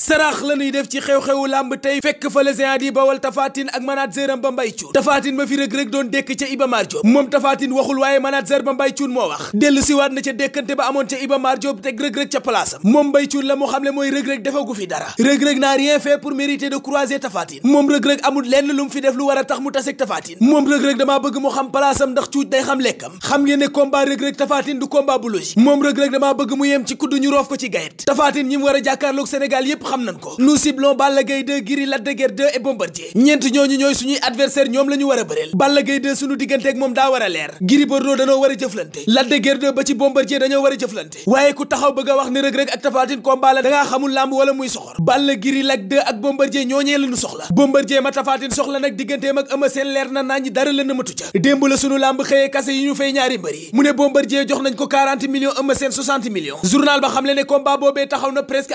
sarax la ñuy def ci xew-xewu làmb tey fekk fa le géant di Bawol Tapha Tine ak manager ba Mbay Cuun Tapha Tine ba fi Reug Reug doon dékk ca Iba Mar Diop moom Tapha Tine waxul waaye manager ba Mbay Cuun moo wax dellu siwaat na ca dékkante ba amoon ca Iba Mar Diop teg Reug Reug ca palaasam moom Mbay Cuun la mu xam le mooy Reug Reug defagu fi dara Reug Reug n'a rien fait pour mériter de croiser Tapha moom Reug Reug amul lenn lu mu fi def lu war a tax mu taseeg Tapha moom Reug bëgg mu xam palaasam ndax cuuj day xam lekkam xam ngeen ne combat Reug Reug Tapha moom Reug Reug damaa mu yem ci kudd ñu ko ci gayet Tapha Tine war a jàkkaarloog Sénégal yépp xam nañ ko nous ciblons Balla Gaye 2 Gris Lac de Guiers 2 et Bombardier ñeent ñooñu ñooy suñuy adversaire ñoom la ñu war a bëreel Balla Gaye 2 suñu diggante ak moom daa war a leer Gris Bordeaux dañoo war a jëflante Lac de Guiers 2 ba ci Bombardier dañoo war jëflante waaye ku taxaw bëgg a wax ni Reug Reug ak Tapha Tine la dangaa xamul làmb wala muy soxor Balla Gris Lac ak Bombardier ñooñee lañu soxla Bombardier ma Tapha soxla nag digganteem ak Eumeu Sène leer na mu ne Bombardier jox nañ ko 40 millions Eumeu Sène 60 millions journal na presque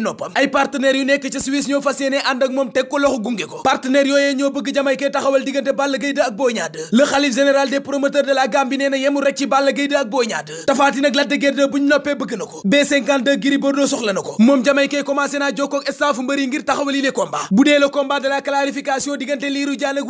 ay noppam ay partenaires yu nekk ca Suisse ñoo fas yéene ànd ak moom teg ko loxo gunge ko partenaires yooyee ñoo bëgg jamaykee taxawal diggante Balla Gaye ak Boy Niang 2 le général de la Gambie nee na yemul rek ci Balla ak Boy Niang 2 ak Lac de bu ñu noppee bëgg na ko B52 Gris Bordeaux soxla na ko moom jamaykee commencé naa jokkoo ak staffu mbër yi ngir taxawal yi les combats bu dee la clarification diggante Lirou diggante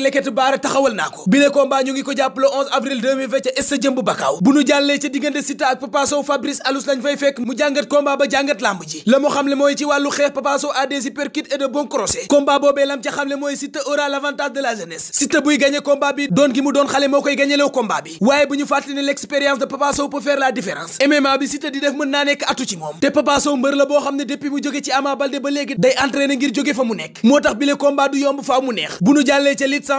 Wouly baara taxawal naa ko bile combat ñu ngi ko jàpp le avril 2020 ca stade Jëmb Bakaaw bu nu jàllee ca diggante Siteu ak Papa Fabrice Alous lañ fay fekk mu jàngat combat ba jàngat lamb ji la mu xamle mooy ci wàllu xeex Papa Sow a des et de bons crochets combat boobee lam ca xamle mooy Siteu aura l'avantage de la jeunesse Siteu buy gagné combat bi doon gi mu doon xale moo koy gagnélew combat bi waaye bu ñu fàttali ne l'expérience de Papa Sow peut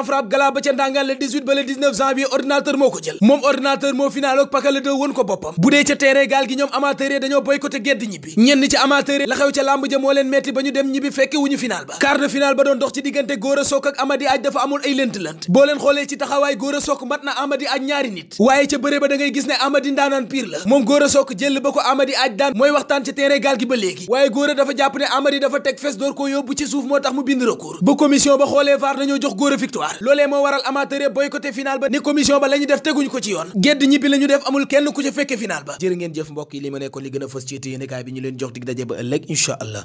la gala ba ca ndangaan le 18 ba le 19 janvier ordinateur moo ko jël moom ordinateur moo finaaloog pakala de woon ko boppam bu dee ca terrain gaal gi ñoom amateurs yi dañoo boycotté gedd ñibbi ñenn ci amateurs yi la xew ca làmb ja moo leen metti ba ñu dem ñibbi fekke wuñu ba quart de final ba doon dox ci diggante Gora Sock ak Amady Aj dafa amul ay lënt-lënt boo leen xoolee ci taxawaay Gora Sock mat na Amady Aj ñaari nit waaye loolee moo waral amateur boycotté final ba ni commission ba la ñu def teguñ ko ci yoon gédd ñibbi la ñu def amul kenn ku ca fekke final ba jërë ngeen jëf mbokk yi li ma nekkoon li gën a fës ci yéenekaay bi ñu leen jox dig daje ba ëllëg incha allah